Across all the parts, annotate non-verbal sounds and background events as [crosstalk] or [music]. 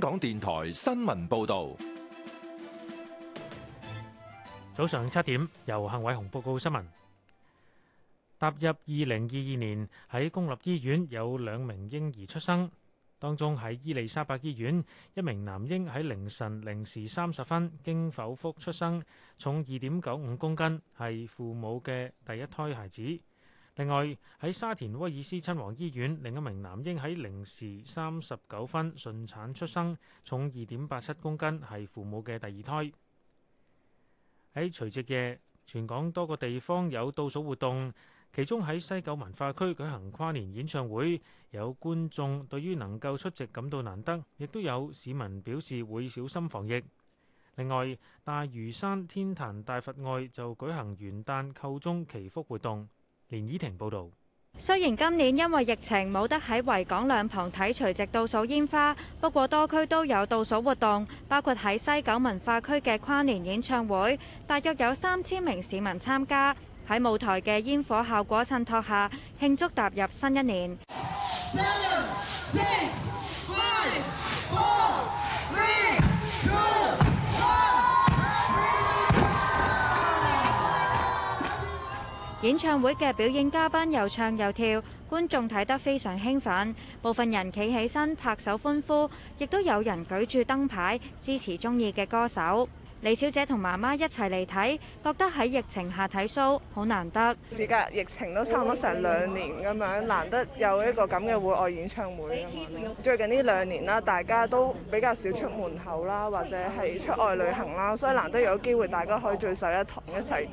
香港電台新聞報道：早上七點，由幸偉雄報告新聞。踏入二零二二年，喺公立醫院有兩名嬰兒出生，當中喺伊麗莎白醫院，一名男嬰喺凌晨零時三十分經剖腹出生，重二點九五公斤，係父母嘅第一胎孩子。另外，喺沙田威爾斯親王醫院，另一名男嬰喺零時三十九分順產出生，重二點八七公斤，係父母嘅第二胎。喺除夕夜，全港多個地方有倒數活動，其中喺西九文化區舉行跨年演唱會，有觀眾對於能夠出席感到難得，亦都有市民表示會小心防疫。另外，大嶼山天壇大佛外就舉行元旦叩鐘祈福活動。連依婷報道，雖然今年因為疫情冇得喺維港兩旁睇垂直倒數煙花，不過多區都有倒數活動，包括喺西九文化區嘅跨年演唱會，大約有三千名市民參加，喺舞台嘅煙火效果襯托下，慶祝踏入新一年。7, 6, 演唱會嘅表演嘉賓又唱又跳，觀眾睇得非常興奮。部分人企起身拍手歡呼，亦都有人舉住燈牌支持中意嘅歌手。李小姐同媽媽一齊嚟睇，覺得喺疫情下睇 show 好難得。時隔疫情都差唔多成兩年咁樣，難得有一個咁嘅戶外演唱會。最近呢兩年啦，大家都比較少出門口啦，或者係出外旅行啦，所以難得有機會大家可以聚首一堂一齊。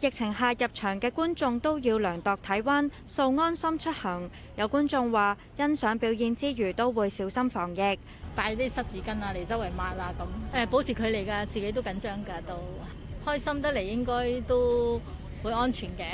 疫情下入場嘅觀眾都要量度體温、掃安心出行。有觀眾話：欣賞表演之餘都會小心防疫，帶啲濕紙巾啊嚟周圍抹啦咁。誒，保持距離㗎，自己都緊張㗎都。開心得嚟應該都會安全嘅。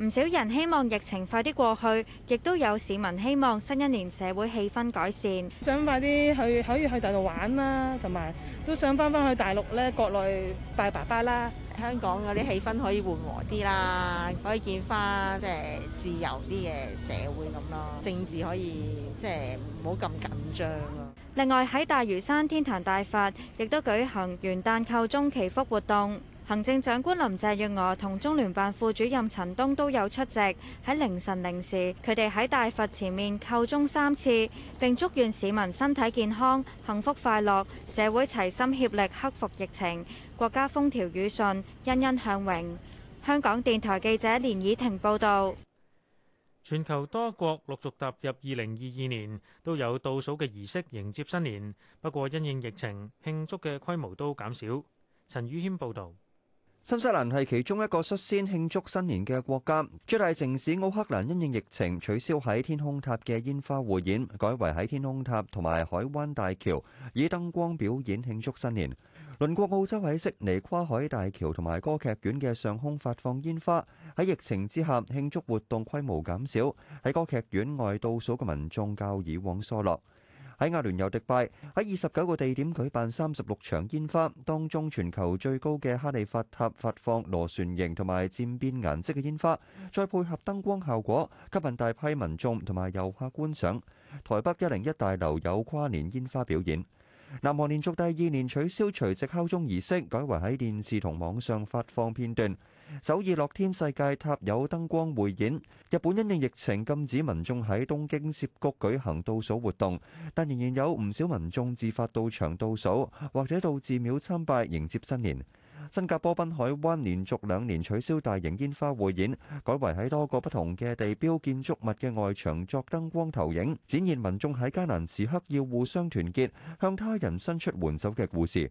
唔 [laughs] 少人希望疫情快啲過去，亦都有市民希望新一年社會氣氛改善。想快啲去可以去大陸玩啦，同埋都想返返去大陸咧，國內拜爸爸啦。香港嗰啲氣氛可以緩和啲啦，可以見翻即係自由啲嘅社會咁咯，政治可以即係唔好咁緊張啊。另外喺大嶼山天壇大佛亦都舉行元旦撞鐘祈福活動。行政長官林鄭月娥同中聯辦副主任陳東都有出席。喺凌晨零時，佢哋喺大佛前面叩鐘三次，並祝願市民身體健康、幸福快樂、社會齊心協力克服疫情、國家風調雨順、欣欣向榮。香港電台記者連以婷報導。全球多國陸續踏入二零二二年，都有倒數嘅儀式迎接新年。不過，因應疫情，慶祝嘅規模都減少。陳宇軒報導。新西蘭係其中一個率先慶祝新年嘅國家。最大城市奧克蘭因應疫情取消喺天空塔嘅煙花匯演，改為喺天空塔同埋海灣大橋以燈光表演慶祝新年。鄰國澳洲喺悉尼跨海大橋同埋歌劇院嘅上空發放煙花。喺疫情之下，慶祝活動規模減少，喺歌劇院外倒數嘅民眾較以往疏落。喺阿聯酋迪拜，喺二十九個地點舉辦三十六場煙花，當中全球最高嘅哈利法塔發放螺旋形同埋漸變顏色嘅煙花，再配合燈光效果，吸引大批民眾同埋遊客觀賞。台北一零一大樓有跨年煙花表演，南韓連續第二年取消除夕敲鐘儀式，改為喺電視同網上發放片段。首爾樂天世界塔有燈光匯演，日本因應疫情禁止民眾喺東京涉谷舉行倒數活動，但仍然有唔少民眾自發到場倒數，或者到寺廟參拜迎接新年。新加坡濱海灣連續兩年取消大型煙花匯演，改為喺多個不同嘅地標建築物嘅外牆作燈光投影，展現民眾喺艱難時刻要互相團結，向他人伸出援手嘅故事。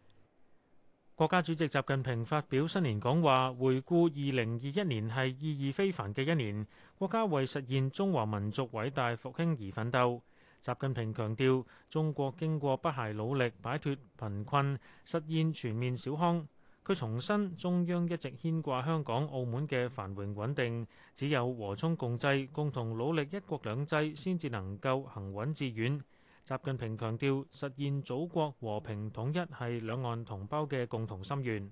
國家主席習近平發表新年講話，回顧二零二一年係意義非凡嘅一年。國家為實現中華民族偉大復興而奮鬥。習近平強調，中國經過不懈努力，擺脱貧困，實現全面小康。佢重申，中央一直牽掛香港、澳門嘅繁榮穩定，只有和衷共濟，共同努力，一國兩制先至能夠行穩致遠。習近平強調，實現祖國和平統一係兩岸同胞嘅共同心願。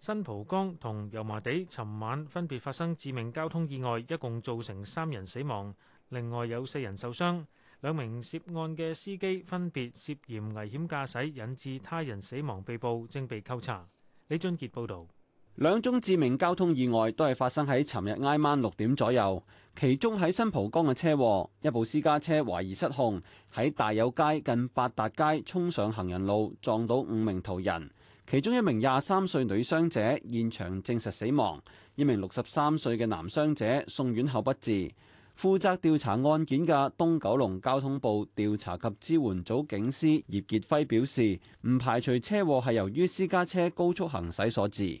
新蒲崗同油麻地尋晚分別發生致命交通意外，一共造成三人死亡，另外有四人受傷。兩名涉案嘅司機分別涉嫌危險駕駛引致他人死亡被捕，正被扣查。李俊傑報導。兩宗致命交通意外都係發生喺尋日挨晚六點左右。其中喺新蒲崗嘅車禍，一部私家車懷疑失控喺大有街近八達街衝上行人路，撞到五名途人。其中一名廿三歲女傷者現場證實死亡，一名六十三歲嘅男傷者送院後不治。負責調查案件嘅東九龍交通部調查及支援組警司葉傑輝表示，唔排除車禍係由於私家車高速行駛所致。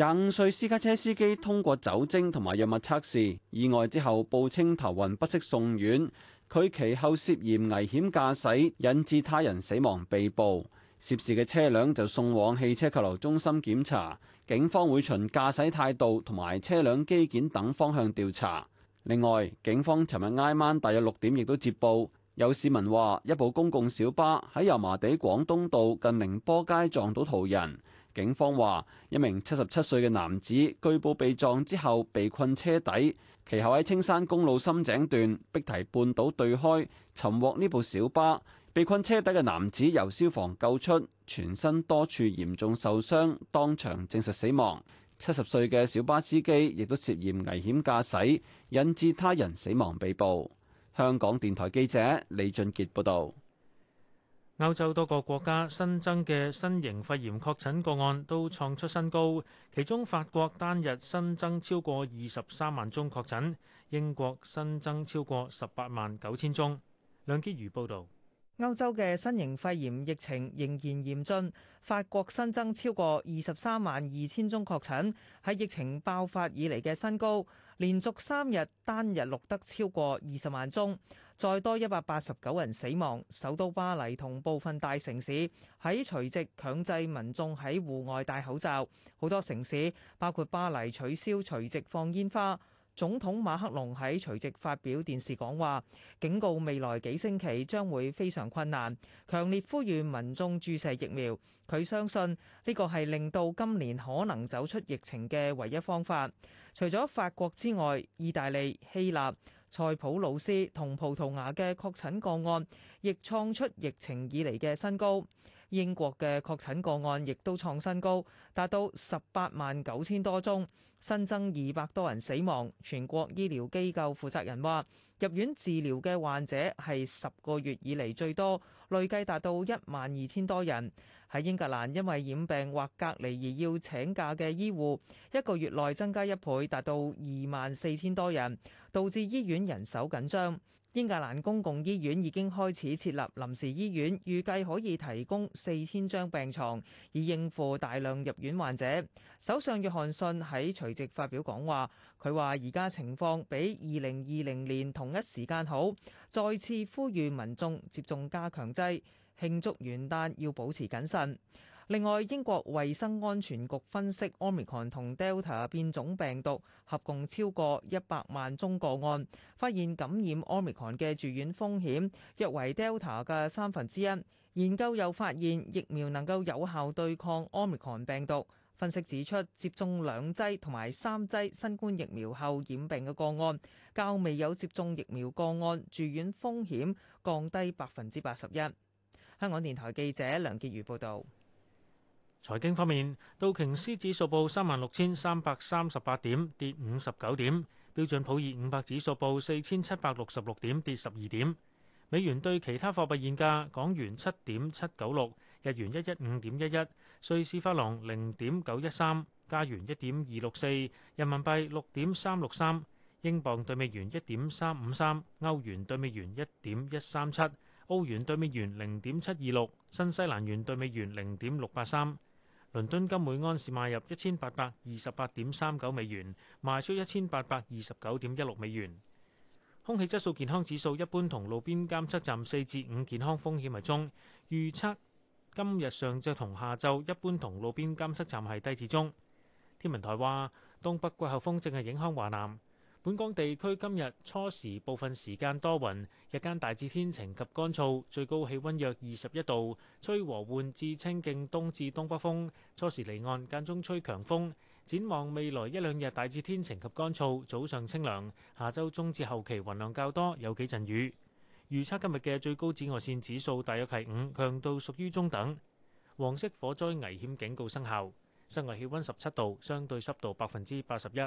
廿五歲私家車司機通過酒精同埋藥物測試，意外之後報稱頭暈不適送院。佢其後涉嫌危險駕駛，引致他人死亡，被捕。涉事嘅車輛就送往汽車扣留中心檢查。警方會循駕駛態度同埋車輛機件等方向調查。另外，警方尋日挨晚大約六點亦都接報，有市民話一部公共小巴喺油麻地廣東道近寧波街撞到途人。警方話，一名七十七歲嘅男子據報被撞之後被困車底，其後喺青山公路深井段碧堤半島對開尋獲呢部小巴。被困車底嘅男子由消防救出，全身多處嚴重受傷，當場證實死亡。七十歲嘅小巴司機亦都涉嫌危險駕駛，引致他人死亡，被捕。香港電台記者李俊傑報道。歐洲多個國家新增嘅新型肺炎確診個案都創出新高，其中法國單日新增超過二十三萬宗確診，英國新增超過十八萬九千宗。梁潔如報道。歐洲嘅新型肺炎疫情仍然嚴峻，法國新增超過二十三萬二千宗確診，係疫情爆發以嚟嘅新高，連續三日單日錄得超過二十萬宗，再多一百八十九人死亡。首都巴黎同部分大城市喺除夕強制民眾喺戶外戴口罩，好多城市包括巴黎取消除夕放煙花。總統馬克龍喺隨即發表電視講話，警告未來幾星期將會非常困難，強烈呼籲民眾注射疫苗。佢相信呢個係令到今年可能走出疫情嘅唯一方法。除咗法國之外，意大利、希臘、塞浦路斯同葡萄牙嘅確診個案亦創出疫情以嚟嘅新高。英國嘅確診個案亦都創新高，達到十八萬九千多宗，新增二百多人死亡。全國醫療機構負責人話，入院治療嘅患者係十個月以嚟最多，累計達到一萬二千多人。喺英格蘭，因為染病或隔離而要請假嘅醫護，一個月內增加一倍，達到二萬四千多人，導致醫院人手緊張。英格蘭公共醫院已經開始設立臨時醫院，預計可以提供四千張病床，以應付大量入院患者。首相約翰遜喺除夕發表講話，佢話而家情況比二零二零年同一時間好，再次呼籲民眾接種加強劑，慶祝元旦要保持謹慎。另外，英國衛生安全局分析，奧密克戎同 Delta 變種病毒合共超過一百萬宗個案，發現感染奧密克戎嘅住院風險約為 Delta 嘅三分之一。研究又發現疫苗能夠有效對抗奧密克戎病毒。分析指出，接種兩劑同埋三劑新冠疫苗後染病嘅個案，較未有接種疫苗個案住院風險降低百分之八十一。香港電台記者梁潔如報導。財經方面，道瓊斯指數報三萬六千三百三十八點，跌五十九點；標準普爾五百指數報四千七百六十六點，跌十二點。美元對其他貨幣現價：港元七點七九六，日元一一五點一一，瑞士法郎零點九一三，加元一點二六四，人民幣六點三六三，英鎊對美元一點三五三，歐元對美元一點一三七，澳元對美元零點七二六，新西蘭元對美元零點六八三。倫敦金每安士買入一千八百二十八點三九美元，賣出一千八百二十九點一六美元。空氣質素健康指數一般，同路邊監測站四至五健康風險為中。預測今日上晝同下晝一般同路邊監測站係低至中。天文台話，東北季候風正係影響華南。本港地區今日初時部分時間多雲，日間大致天晴及乾燥，最高氣溫約二十一度，吹和緩至清勁東至東北風。初時離岸間中吹強風。展望未來一兩日大致天晴及乾燥，早上清涼，下周中至後期雲量較多，有幾陣雨。預測今日嘅最高紫外線指數大約係五，強度屬於中等。黃色火災危險警告生效。室外氣溫十七度，相對濕度百分之八十一。